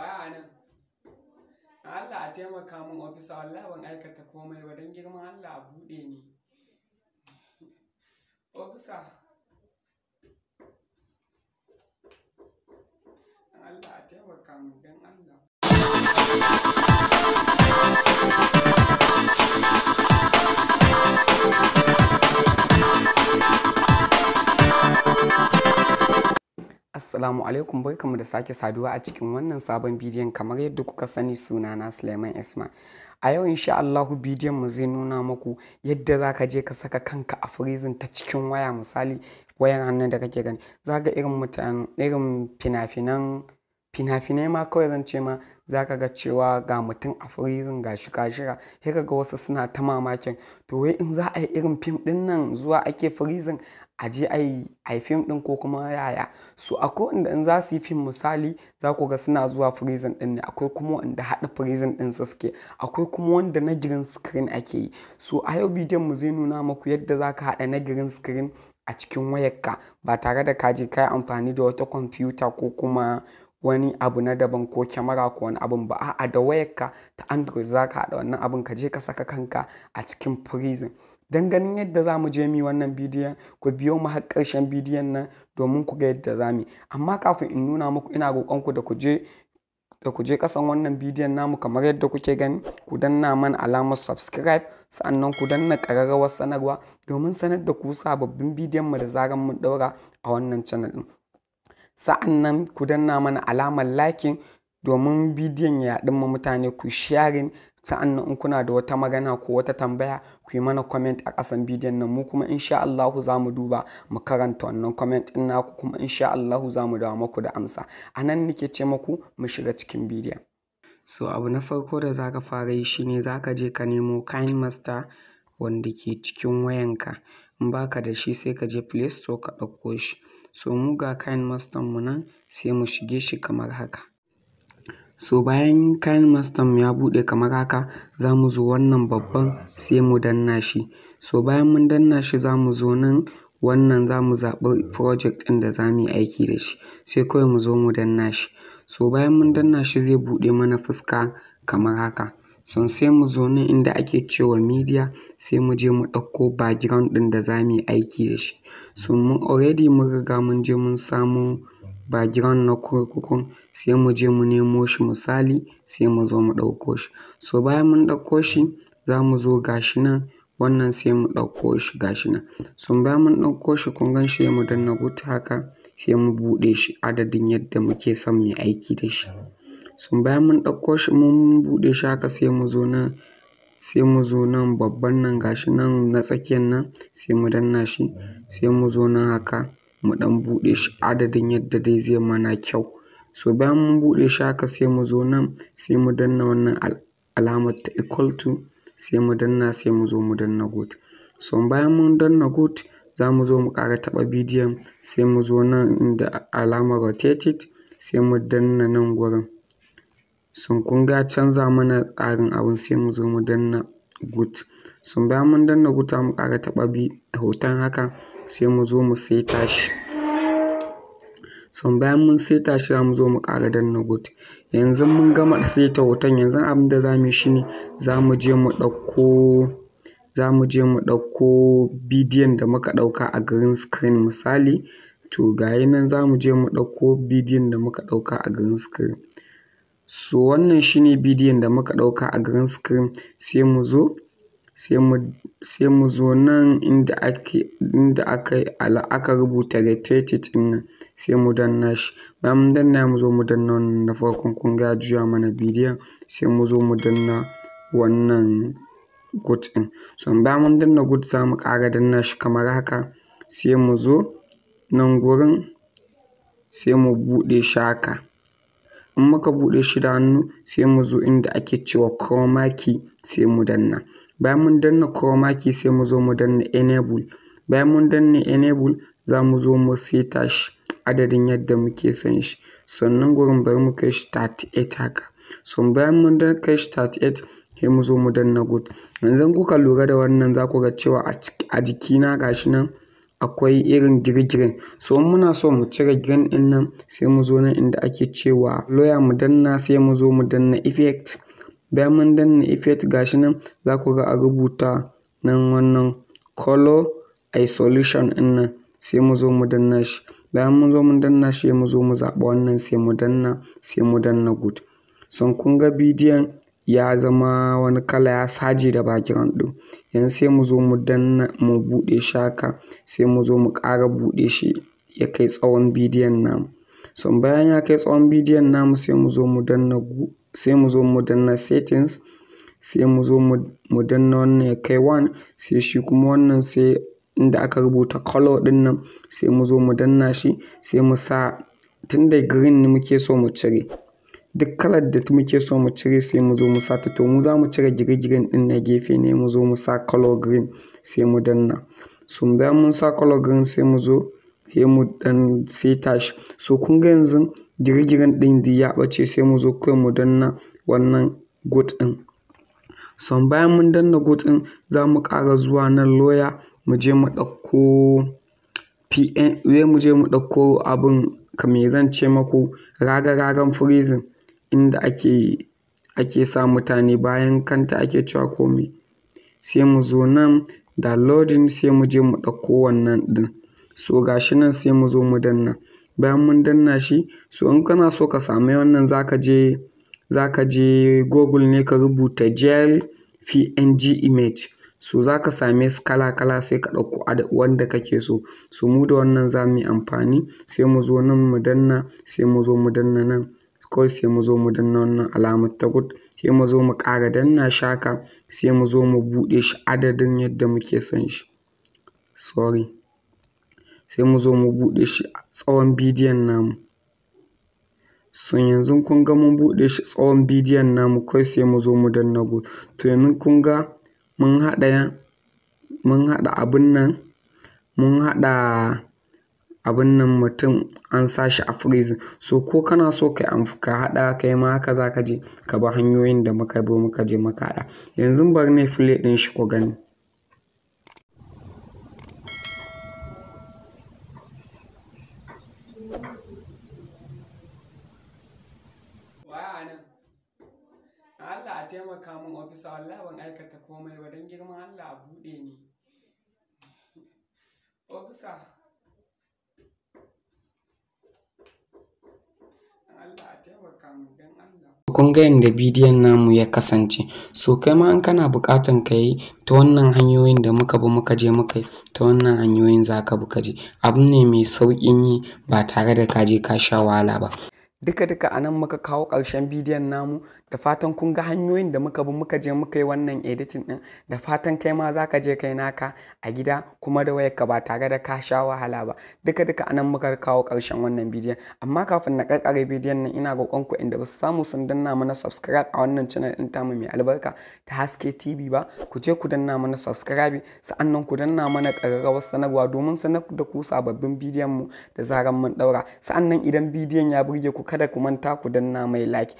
baya nan Allah a taimaka min ofisa Allah ban aikata komai ba don girman Allah a buɗe ni ofisa Allah a taimaka min don Allah Assalamu alaikum bai da sake saduwa a cikin wannan sabon bidiyon kamar yadda kuka sani suna na Suleiman Isma. A yau insha Allahu bidiyon mu zai nuna muku yadda za ka je ka saka kanka a freezing ta cikin waya misali wayan hannu da kake gani. Za ga irin irin fina-finan fina-finai ma kawai zan ce ma za ka ga cewa ga mutum a firizin ga shi kashira sai ga wasu suna ta mamakin to wai in za a yi irin fim din nan zuwa ake firizin a je a yi fim din ko kuma yaya su ko inda in za su yi fim misali za ku ga suna zuwa firizin din ne akwai kuma wanda haɗa firizin din su suke akwai kuma wanda na girin screen ake yi so a yau bidiyon mu zai nuna maku yadda za ka haɗa na girin screen a cikin wayarka ba tare da ka je ka yi amfani da wata kwamfuta ko kuma wani abu na daban ko kyamara ko wani abun ba a'a da wayarka ta android za ka haɗa wannan abun ka je ka saka kanka a cikin prison don ganin yadda za mu je mi wannan bidiyon ku biyo mu har ƙarshen bidiyon nan domin ku ga yadda za mu amma kafin in nuna muku ina roƙonku da ku je da ku je kasan wannan bidiyon namu kamar yadda kuke gani ku danna mana alamar subscribe sannan ku danna ƙararrawar sanarwa domin sanar da ku sababbin bidiyon mu da zaran mun ɗaura a wannan channel din sa'an nan ku danna mana alamar lakin domin bidiyon ya ma mutane ku sharing sa'an nan in kuna da wata magana ko wata tambaya ku yi mana comment a ƙasan bidiyon nan mu kuma insha Allahu za mu duba mu karanta wannan comment ɗin naku kuma insha Allahu za mu dawo muku da amsa a nan nake ce muku mu shiga cikin bidiyon so abu na farko da za ka fara yi shine za ka je ka nemo kind master wanda ke cikin wayanka in baka da shi sai ka je play store ka ɗauko shi So mu ga kayan mastan mu nan sai mu shige shi kamar haka. So bayan kayan mu ya bude kamar haka za mu zo wannan babban sai mu danna shi. So bayan mun danna shi za mu zo nan wannan za mu zaɓi project ɗin da za mu yi aiki da shi sai kawai mu zo mu danna shi. So bayan mun danna shi zai buɗe mana fuska kamar haka. Sun sai mu zo nan inda ake cewa media sai mu je mu ɗauko background ɗin da za mu yi aiki da shi. So mun already mun riga mun je mun samo background na kurkukun sai mu je mu nemo shi misali sai mu zo mu ɗauko shi. So bayan mun ɗauko shi za mu zo ga nan wannan sai mu ɗauko shi ga nan. So bayan mun ɗauko shi kun gan shi sai mu danna wuta haka sai mu buɗe shi adadin yadda muke son mu yi aiki da shi. sun bayan mun ɗauko shi mun buɗe shi haka sai mu zo nan sai mu zo nan babban nan gashi nan na tsakiyan nan sai mu danna shi sai mu zo nan haka mu ɗan buɗe shi adadin yadda dai zai mana kyau. So bayan mun buɗe shi haka sai mu zo nan sai mu danna wannan alamar ta equal to sai mu danna sai mu zo mu danna good. So bayan mun danna good za mu zo mu ƙara taɓa bidiyon sai mu zo nan inda alamar rotated sai mu danna nan gurin. Sun kun ga canza mana tsarin abun sai mu zo mu danna good so bayan mun danna good za mu ƙara taɓa bi hoton haka sai mu zo mu saita shi so bayan mun saita shi za mu zo mu ƙara danna good yanzu mun gama saita hoton yanzu abin da za mu yi ne za mu je mu ɗauko za mu je mu ɗauko bidiyon da muka ɗauka a green screen misali to ga yi nan za mu je mu ɗauko bidiyon da muka ɗauka a green screen So wannan shine bidiyon da muka ɗauka a green screen sai mu zo sai mu zo nan inda ake inda aka aka rubuta rotated nan sai mu danna shi. Bayan mun danna mu zo mu danna wannan na farkon kun ga ya juya mana bidiyon sai mu zo mu danna wannan good ɗin. So bayan mun danna good za mu kara danna shi kamar haka sai mu zo nan gurin sai mu bude shi haka. In muka buɗe shi da hannu sai mu zo inda ake cewa chroma key sai mu danna. Bayan mun danna chroma key sai mu zo mu danna enable. Bayan mun danna enable za mu zo mu seta shi adadin yadda muke son shi. Sannan gurin bari mu kai shi 38 haka. So bayan mun kai shi 38 sai mu zo mu danna good. Yanzu kuka lura da wannan za ku ga cewa a jikina gashi nan. akwai irin gire-giren. So in muna so mu cire giren ɗin nan sai mu zo nan inda ake cewa lawyer mu danna sai mu zo mu danna effect. Bayan mun danna effect gashi nan za ku ga a rubuta nan wannan color isolation ɗin nan sai mu zo mu danna shi. Bayan mun zo mun danna shi sai mu zo mu zaɓa wannan sai mu danna sai mu danna good. So kun ga bidiyon. ya zama wani kala ya saje da background ɗin. Yanzu sai mu zo mu danna mu buɗe shi haka sai mu zo mu ƙara buɗe shi ya kai tsawon bidiyon namu. So bayan ya kai tsawon bidiyon namu sai mu zo mu danna sai mu zo mu danna settings sai mu zo mu danna wannan ya kai one sai shi kuma wannan sai inda aka rubuta color ɗin nan sai mu zo mu danna shi sai mu sa tun da green muke so mu cire. duk kalar da muke so mu cire sai mu zo mu sa ta to mu za mu cire gire-giren din na gefe ne mu zo mu sa color green sai mu danna so bayan mun sa color green sai mu zo sai mu dan sai tash so kun ga yanzu jirgin giren din da ya bace sai mu zo kai mu danna wannan good din so bayan mun danna good din za mu ƙara zuwa nan lawyer mu je mu ɗauko pn mu je mu ɗauko abin me zan ce maku raga-ragan freezing inda ake ake sa mutane bayan kanta ake cewa komai, Sai mu zo nan loading sai mu je mu ɗauko wannan ɗin. So ga shi nan sai mu zo mu danna. Bayan mun danna shi so in kana so ka sami wannan zaka je zaka je Google ne ka rubuta gel PNG image. So za same su kala kala sai ka ɗauko wanda kake so. So mu da wannan za mu yi amfani sai mu zo nan mu danna sai mu zo mu danna nan. kawai sai mu zo mu danna wannan alamar ta good sai mu zo mu ƙara danna shi haka sai mu zo mu buɗe shi adadin yadda muke son shi sorry sai mu zo mu buɗe shi tsawon bidiyon namu so yanzu kun ga mun buɗe shi tsawon bidiyon namu kawai sai mu zo mu danna good to yanzu kun ga mun haɗa mun haɗa abun nan mun haɗa abin nan mutum an sa shi a freezing. So ko kana so ka haɗa kai ma haka za ka je ka bi hanyoyin da muka bi muka je muka haɗa. Yanzu bari ne yi ɗin shi ku gani. Allah a taimaka min ofisa wallahi ban aikata komai ba don girman Allah a buɗe ni. Ofisa. kun ga yadda bidiyon namu ya kasance so kai ma in kana buƙatan ka yi ta wannan hanyoyin da muka bi muka je muka yi ta wannan hanyoyin za ka bi ka je abu ne mai sauƙin yi ba tare da ka je ka sha wahala ba duka duka a nan muka kawo ƙarshen bidiyon namu da fatan kun ga hanyoyin da muka bi muka je muka yi wannan editing din da fatan kai ma zaka je kai naka a gida kuma da wayarka ba tare da ka sha wahala ba duka duka anan muka kawo karshen wannan bidiyon amma kafin na karkare bidiyon nan ina roƙon ku inda ba su samu sun danna mana subscribe a wannan channel din tamu mai albarka ta haske tv ba ku je ku danna mana subscribe sa'annan ku danna mana ƙararrawar sanarwa domin sanar da ku sababbin bidiyon mu da zaran mun daura sa'annan idan bidiyon ya burge ku kada ku manta ku danna mai like